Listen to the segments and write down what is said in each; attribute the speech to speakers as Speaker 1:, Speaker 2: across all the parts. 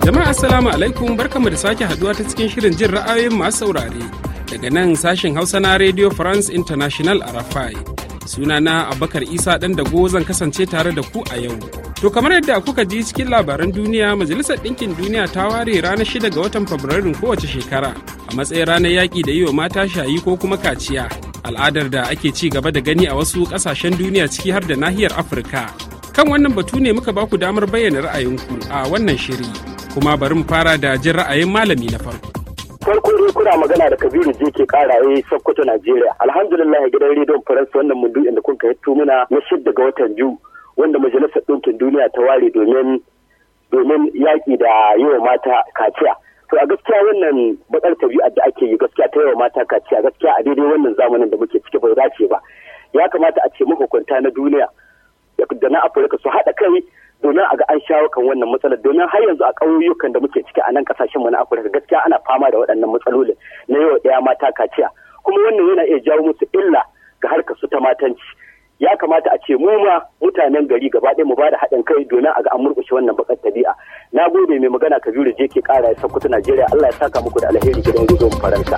Speaker 1: Jama'a Assalamu alaikum barkamu da sake haduwa ta cikin shirin jin ra'ayoyin masu saurare daga nan sashen Hausa na Radio France International a Rafai. Sunana Abubakar Isa ɗan dago zan kasance tare da ku a yau. To kamar yadda kuka ji cikin labaran duniya Majalisar Ɗinkin Duniya ta ware ranar shida ga watan Fabrairun kowace shekara a matsayin ranar yaki da yi wa mata shayi ko kuma kaciya al'adar da ake ci gaba da gani a wasu ƙasashen duniya ciki har da nahiyar afirka kan wannan batu ne muka baku damar bayyana ra'ayinku a wannan shiri kuma bari mu fara da jin ra'ayin malami na farko
Speaker 2: farko dai kuna magana da kabiru je ke karaye sokoto najeriya alhamdulillah gidan rediyon faransa wannan mundu'in da kun kai muna na shidda ga watan ju wanda majalisar ɗinkin duniya ta ware domin domin yaƙi da yawa mata kaciya to a gaskiya wannan biyu a da ka mata kaciya gaskiya a daidai wannan zamanin da muke ciki bai dace ba ya kamata a ce mahukunta na duniya da na afirka su haɗa kai domin a ga an shawo kan wannan matsalar domin har yanzu a ƙauyukan da muke ciki a nan ƙasashen mu na afirka gaskiya ana fama da waɗannan matsalolin na yau ɗaya mata kaciya kuma wannan yana iya jawo musu illa ga harkar su ta matanci ya kamata a ce mu ma mutanen gari gaba ɗaya mu ba da haɗin kai domin a ga an murƙushe wannan bakar tabi'a na gode mai magana kabiru je ke ƙara ya sakuta najeriya allah ya saka muku da alheri gidan gudun
Speaker 1: faransa.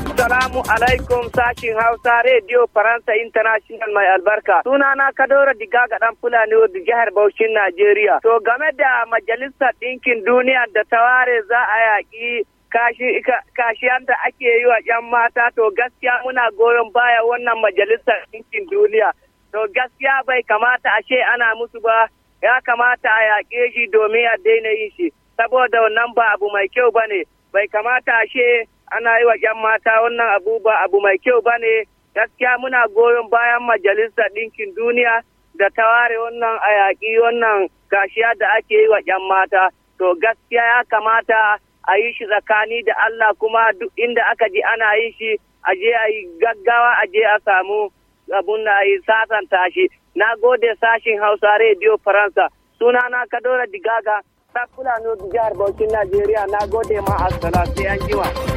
Speaker 3: Assalamu alaikum sashin Hausa Radio Faransa International mai albarka. Sunana Kadora Diga ga dan Fulani wadda jihar Bauchin Najeriya. To game da Majalisar Ɗinkin Duniya da taware za a yaƙi kashiyan da ake yi wa 'yan mata to gaskiya muna goyon baya wannan Majalisar Ɗinkin Duniya. To gaskiya bai kamata ashe ana musu ba ya kamata a yaƙe shi domin a daina yin shi saboda wannan ba abu mai kyau ba ne bai kamata ashe ana yi wa 'yan mata wannan abu ba abu mai kyau ba ne gaskiya muna goyon bayan majalisar ɗinkin duniya da ta ware wannan a yaƙi wannan gashiya da ake yi wa 'yan mata to gaskiya ya kamata a yi shi tsakani da Allah kuma duk inda aka ji ana yi shi a je a yi gaggawa a je a samu abun da yi sasanta shi na gode sashin hausa rediyo faransa suna sunana kadora digaga sakula no jihar bauchi najeriya na gode ma a sai an jiwa.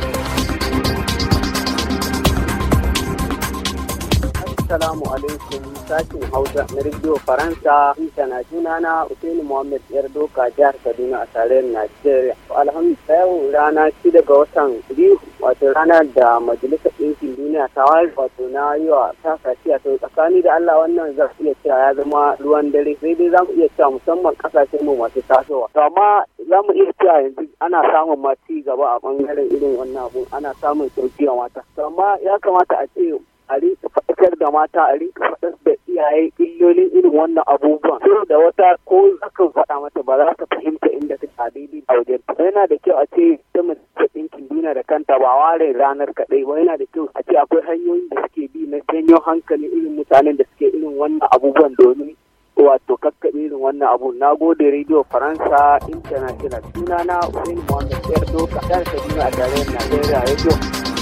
Speaker 2: Assalamu alaikum sashen Hausa na Radio Faransa na sunana Usaini Muhammad doka jihar Kaduna a tarayyar Najeriya. Alhamdulillah yau rana shida ga watan Biyu wato ranar da Majalisar Ɗinkin Duniya ta wayar wato na yi wa ta kaciya to tsakani da Allah wannan za su iya cewa ya zama ruwan dare sai dai za mu iya cewa musamman ƙasashen mu masu tasowa. To amma za mu iya cewa yanzu ana samun ma ci gaba a bangaren irin wannan abu ana samun sauki a mata. To amma ya kamata a ce a rinka faɗakar da mata a rinka faɗar da iyaye illolin irin wannan abubuwan sau da wata ko zaka faɗa mata ba za ta fahimta inda ta a daidai a wajen yana da kyau a ce ta mace ɗinkin duna da kanta ba ware ranar kaɗai ba yana da kyau a ce akwai hanyoyin da suke bi na janyo hankali irin mutanen da suke irin wannan abubuwan domin wato kakkaɓe irin wannan abu na gode rediyo faransa
Speaker 3: international suna na sunana usain ɗaya yardo kasar kaduna a tarayyar najeriya
Speaker 2: radio.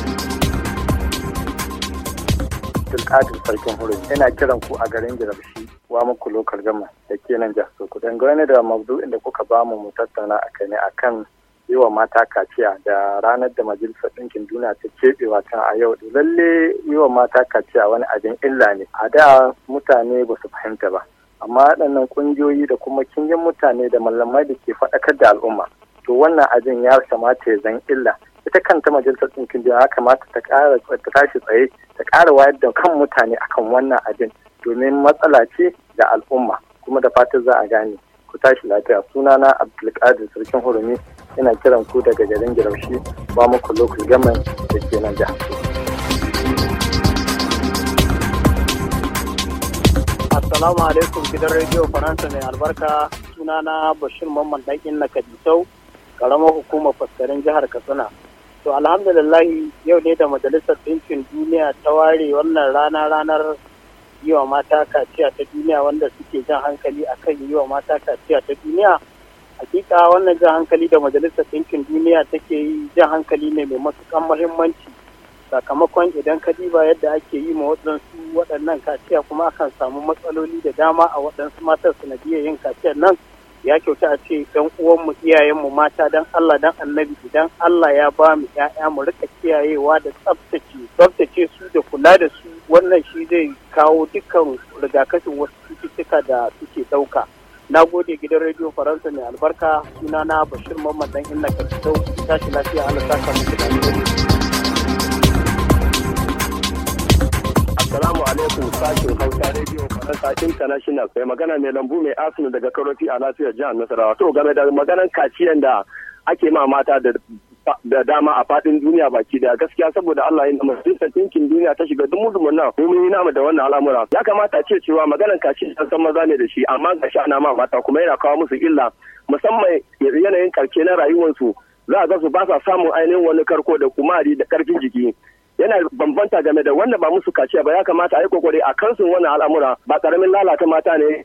Speaker 2: abdulkadir sarkin hurumi yana kiran ku a garin jirabshi wa muku lokal gama da ke nan jihar sokoto dangane da mabdu inda kuka ba mu tattauna a kai ne kan yi wa mata kaciya da ranar da majalisar ɗinkin duniya ta keɓewa ta a yau lalle yi wa mata kaciya wani abin illa ne a da mutane ba su fahimta ba amma waɗannan ƙungiyoyi da kuma kingin mutane da mallamai da ke faɗakar da al'umma to wannan abin ya kamata ya zan illa ita kanta majalisar ɗinkin duniya ya kamata ta ƙara ta tashi tsaye ta ƙara wayar da kan mutane akan wannan abin domin matsala ce da al'umma kuma da fatan za a gane ku tashi lafiya sunana abdulkadir sarkin hurumi ina kiran ku daga garin giraushi ba muku local government da ke nan da. Assalamu alaikum gidan rediyo Faransa mai albarka sunana Bashir Mamman Dakin na Kadisau karamar hukumar fassarin jihar Katsina. to alhamdulillahi yau ne da majalisar ɗinkin duniya ta ware wannan rana ranar yi wa mata kaciya ta duniya wanda suke jan hankali akan yi wa mata kaciya ta duniya hakika wannan jan hankali da majalisar ɗinkin duniya take yi jan hankali ne mai matukan muhimmanci sakamakon idan ka diba yadda ake yi ma waɗansu waɗannan kaciya kuma akan samu matsaloli da dama a waɗansu matar sanadiyar yin kaciyar nan ya kyauta a ce yan uwanmu iyayenmu mata dan Allah dan annabi idan Allah ya ba mu ƴaƴa mu rika kiyayewa da tsaftace tsaftace su da kula da su wannan shi zai kawo dukkan rigakafin wasu cututtuka da suke ɗauka. Na gode gidan rediyo Faransa mai albarka sunana Bashir Mamman dan Inna ka tashi lafiya Allah saka muku da Assalamu alaikum sashin hausa rediyo faransa international mai magana mai lambu mai asinu daga karofi a lafiyar jihar nasarawa to game da maganar kaciyan da ake ma mata da da dama a fadin duniya baki da gaskiya saboda Allah yin majalisar ɗinkin duniya ta shiga dumu dumu nan mu yi namu da wannan al'amura ya kamata a ce cewa maganar kashi san san maza ne da shi amma ga ana ma mata kuma yana kawo musu illa musamman yanayin karke na rayuwarsu za a ga su ba sa samun ainihin wani karko da kumari da karfin jiki yana bambanta game da wanda ba musu kaciya ba ya kamata a yi kokari a kansu wannan al'amura ba karamin lalata mata ne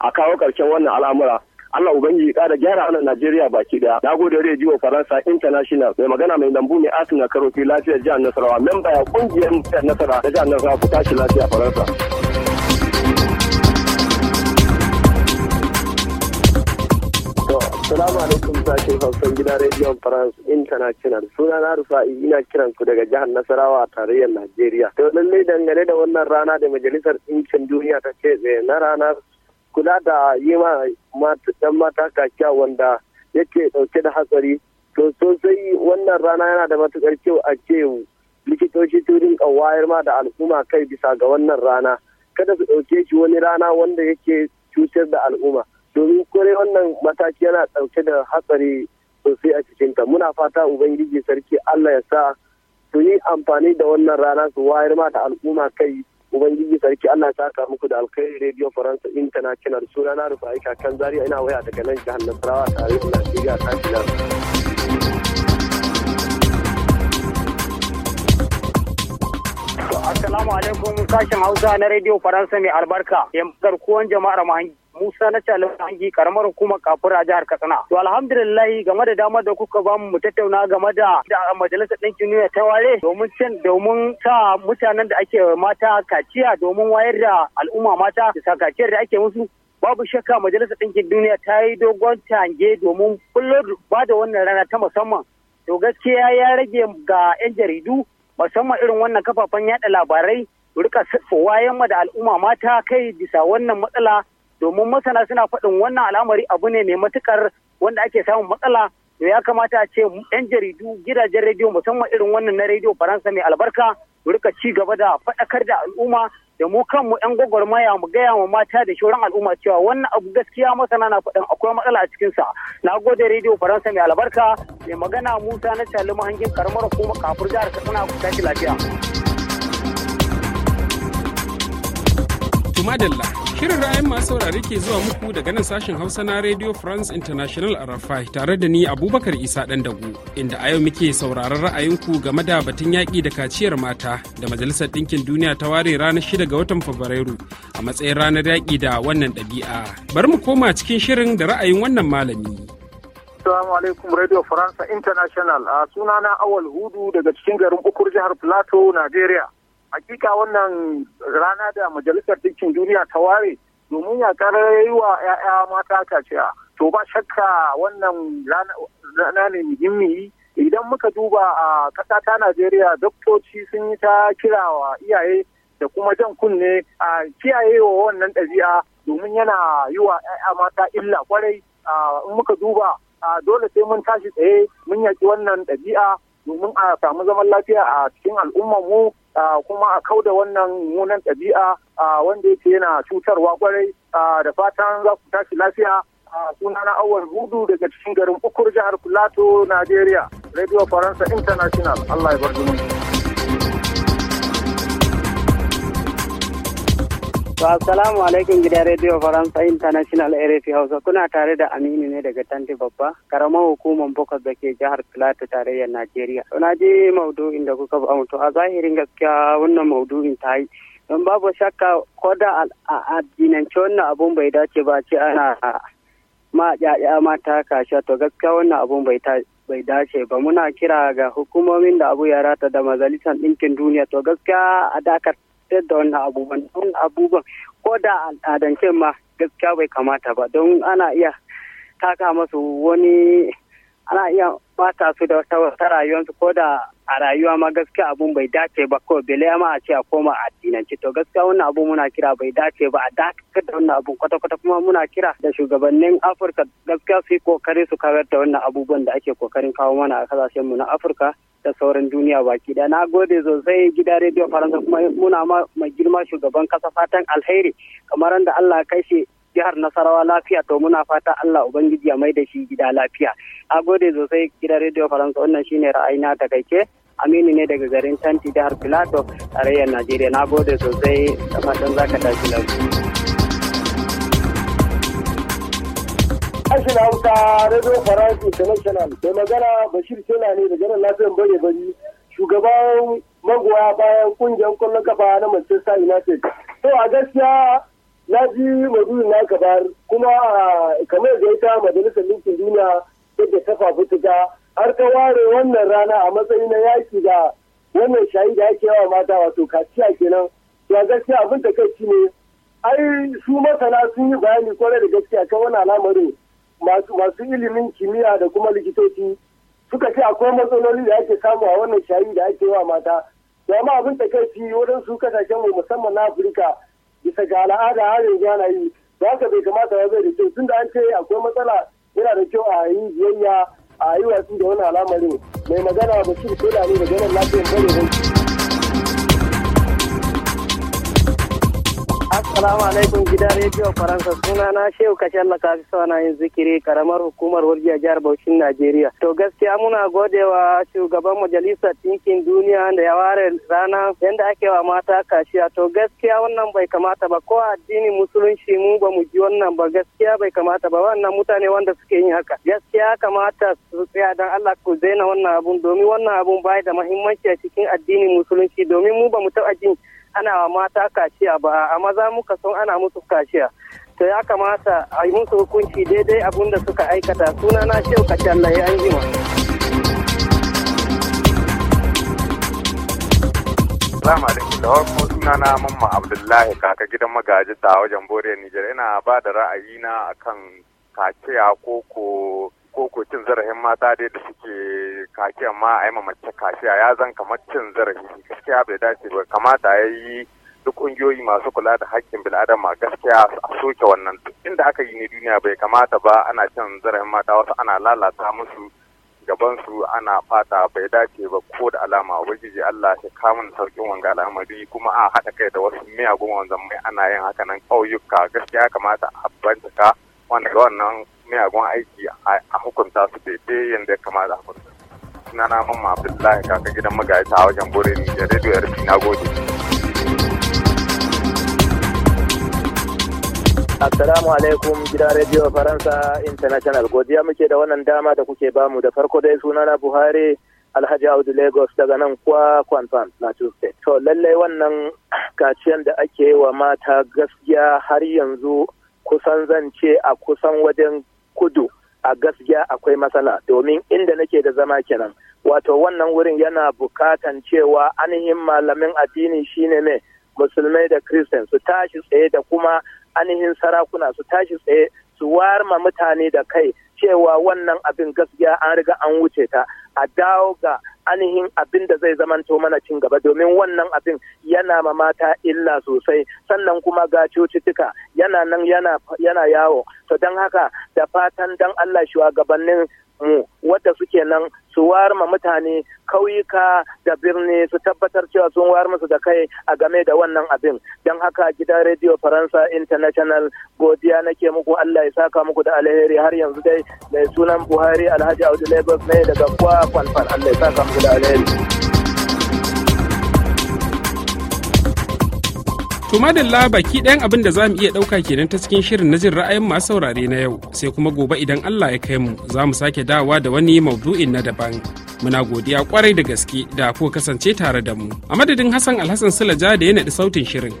Speaker 2: a kawo karshen wannan al'amura Allah Ubangiji kara gyara ana Najeriya baki daya. Na gode rediyo Faransa International mai magana mai lambu mai asin a karofi lafiyar jihar Nasarawa memba ya kungiyar Nasarawa da jihar Nasarawa ku tashi lafiya Faransa. Salamu alaikum sashen Hausan gida Radio France International. Suna na Rufa'i ina kiran ku daga jihar Nasarawa a tarayyar Najeriya. To lallai dangane da wannan rana da Majalisar Ɗinkin Duniya ta ce eh, na ranar kula da yi ma dan mata kakiya wanda yake ɗauke da hatsari. To sosai wannan rana yana da matuƙar kyau a ce likitoci su rinka wayar ma da al'umma kai bisa ga wannan rana. Kada su ɗauke shi wani rana wanda yake cutar da al'umma. domin kure wannan mataki yana ɗauke da hatsari sosai a cikinta muna fata ubangiji sarki allah ya sa su yi amfani da wannan rana su wayar ma da al'umma kai ubangiji sarki allah ya saka muku da alkhairi radio faransa international suna na rufa aika kan zaria ina waya daga nan jihar nasarawa tare da najeriya ta Assalamu alaikum kashin Hausa na Radio Faransa mai albarka, yan garkuwan jama'ar mahangi. Musa na Calin Hangi karamar hukumar kafin a jihar Katsina. To alhamdulillah game da damar da kuka ba mu tattauna game da majalisar ɗinkin duniya ta ware domin can domin sa mutanen da ake mata kaciya domin wayar da al'umma mata da kaciyar da ake musu babu shakka majalisar ɗinkin duniya ta yi dogon tange domin kullum ba da wannan rana ta musamman to gaskiya ya rage ga 'yan jaridu musamman irin wannan kafafen yaɗa labarai rika wayan da al'umma mata kai bisa wannan matsala domin masana suna faɗin wannan al'amari abu ne mai matukar wanda ake samun matsala da ya kamata a ce yan jaridu gidajen rediyo musamman irin wannan na rediyo faransa mai albarka mu rika ci gaba da faɗakar da al'umma da mu kanmu yan gwagwarmaya mu gaya wa mata da shauran al'umma cewa wannan abu gaskiya masana na faɗin akwai matsala a cikinsa na gode rediyo faransa mai albarka mai magana musa na talima hangen karamar hukuma kafin jihar katsina ku tashi lafiya.
Speaker 1: madalla shirin ra'ayin masu saurare ke zuwa muku daga nan sashen hausa na radio france international a rafai tare da ni abubakar isa dan dagu inda a yau muke sauraron ra'ayinku game da batun yaƙi da kaciyar mata da majalisar ɗinkin duniya ta ware ranar shida ga watan fabrairu a matsayin ranar yaƙi da wannan ɗabi'a bari mu koma cikin shirin da ra'ayin wannan malami
Speaker 2: Assalamu alaikum Radio France International a sunana Awal Hudu daga cikin garin Ukur jihar Plateau, Najeriya. hakika wannan rana da majalisar dinkin duniya ta ware domin yakar yi wa 'ya'ya mata kaciya to ba shakka wannan rana ne muhimmi idan muka duba a ƙasa ta najeriya doktoci sun yi ta kirawa iyaye da kuma jan kunne a wa wannan ɗabi'a domin yana yi wa 'ya'ya mata illa kwarai in muka duba dole sai mun tashi tsaye mun yaki wannan ɗabi'a domin a samu zaman lafiya a cikin al'ummar mu kuma a kau da wannan munan ɗabi'a wanda yake yana cutarwa kwarai da fatan za ku tashi lafiya suna na awal hudu daga cikin garin ukur jihar plateau nigeria radio faransa international allah ya bar zumunci To assalamu alaikum gidan Radio Faransa International RF Hausa kuna tare da Aminu ne daga Tanti Babba karamar hukumar Bokos da ke jihar Plateau tarayyar Najeriya. To na ji maudu'in da kuka ba to a zahirin gaskiya wannan maudu'in ta yi don babu shakka ko da a addinance wannan abun bai dace ba ce ana ma ya'ya mata kasha to gaskiya wannan abun bai bai dace ba muna kira ga hukumomin da abu ya rata da majalisar ɗinkin duniya to gaskiya a dakar fitar da wannan abubuwan wannan abubuwan ko da al'adance ma gaskiya bai kamata ba don ana iya taka masu wani ana iya bata su da wata wata rayuwarsu ko da a rayuwa ma gaskiya abun bai dace ba ko bele ma a ce a koma addinanci to gaskiya wannan abun muna kira bai dace ba a dakatar da wannan abun kwata kwata kuma muna kira da shugabannin Afirka gaskiya su yi kokari su kawar da wannan abubuwan da ake kokarin kawo mana a kasashen mu na Afirka da sauran duniya baki da na gode sosai gida rediyo faransa kuma muna ma mai girma shugaban kasa fatan alheri kamar da Allah kai shi jihar Nasarawa lafiya to muna fata Allah Ubangiji ya mai da shi gida lafiya. A gode sosai gidan Radio Faransa wannan shine ra'ayina ta ke Aminu ne daga garin Tanti jihar Filato tarayyar Najeriya. Na gode sosai da fatan ka tashi lafiya. Sashen Hausa Radio Faransa International da magana Bashir Sena ne da ganin lafiyan bari bari shugaban magoya bayan kungiyar kwallon kafa na Manchester United. To a gaskiya na ji madurin na kabar kuma ah, kamar da ta majalisar ɗinkin duniya yadda ta fafutuka har ta ware wannan rana a matsayin na yaki da wannan shayi da ake yawa mata wato kaciya kenan ya gaskiya abin da kai ne ai su masana sun yi bayani kwarai da gaskiya kan wani al'amarin masu ilimin kimiyya da kuma likitoci suka ce akwai matsaloli da ake samu a wannan shayi da ake yawa mata da ma abin da kai wadansu kasashen mu musamman na afirka bisa ga al'ada har yanzu ana yi ba ka bai kamata ya zai da kyau tun da an ce akwai matsala yana da kyau a yi biyayya a yi watsi da wani al'amarin mai magana bashir da ne da ganin lafiyar kare Assalamu alaikum gidan rediyo Faransa suna na Shehu Kashalla kafi na yin zikiri karamar hukumar wurgi a jihar Bauchin Najeriya. To gaskiya muna godewa shugaban majalisar ɗinkin duniya da ya ware rana yadda ake wa mata kashiya. To gaskiya wannan bai kamata ba ko addinin musulunci mu ba mu ji wannan ba gaskiya bai kamata ba wannan mutane wanda suke yin haka. Gaskiya kamata su tsaya don Allah ku zaina wannan abun domin wannan abun bai da muhimmanci a cikin addinin musulunci domin mu ba mu taɓa jin ana wa mata kaciya ba a maza muka son ana musu kaciya to ya kamata a yi musu hukunci daidai abun da suka aikata suna na shehu Allah ya yi Salamu alaikum da suna na mamma Abdullahi kaka gidan magaji ta wajen Bore Nijar ina ba da ra'ayi na akan kaciya koko koko cin zarafin mata dai da suke Kaki, amma a yi mace kashiya. ya zan kamar cin zarafi gaskiya bai dace ba kamata ya yi duk ƙungiyoyi masu kula da haƙƙin bil'adama gaskiya a soke wannan inda aka yi ne duniya bai kamata ba ana cin zarafin mata wasu ana lalata musu gabansu ana fata bai dace ba ko da alama ubangiji Allah ya kamun sauƙin wanga al'amari kuma a haɗa kai da wasu miyagun wanzan mai ana yin haka nan ƙauyuka gaskiya kamata a bincika wanda wannan miyagun aiki a hukunta su daidai yadda ya kamata a hukunta. sunana Mamman Abdullahi kaka gidan magaji a wajen Bore da Radio RP na gode.
Speaker 4: Assalamu alaikum gidan Radio Faransa International. Godiya muke da wannan dama da kuke bamu da farko dai sunana Buhari Alhaji Audu Lagos daga nan kwa kwanfan na tuesday To lallai wannan kaciyan da ake wa mata gaskiya har yanzu kusan zance a kusan wajen kudu a gaskiya akwai matsala domin inda nake da zama kenan wato wannan wurin yana bukatan cewa anihin malamin addini shine ne musulmai da kristen su tashi tsaye da kuma anihin sarakuna su tashi tsaye su warma mutane da kai cewa wannan abin gaskiya an riga an wuce ta a dawo ga ainihin abin da zai zamanto mana cin gaba domin wannan abin yana ma mata illa sosai sannan kuma ga cututtuka yana nan yana yana yawo to don haka da fatan dan Allah shugabannin mu wadda suke nan su warma mutane kauyuka da birni su tabbatar cewa sun war musu da kai a game da wannan abin don haka gidan rediyo faransa international godiya nake muku allah ya saka muku da alheri har yanzu dai mai sunan buhari alhaji audu lagos ne daga kwa allah ya saka muku da alheri
Speaker 1: To madalla baki ɗayan abin da za mu iya ɗauka kenan ta cikin shirin na jin ra'ayin masu saurare na yau sai kuma gobe idan Allah ya kai mu za mu sake dawowa da wani maudu'in na daban. Muna godiya kwarai da gaske da kuka kasance tare da mu. A madadin Hassan Alhassan Sulaja da ya naɗi sautin shirin.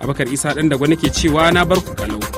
Speaker 1: Abakar Isa ɗan da gwani ke cewa na bar ku kalau.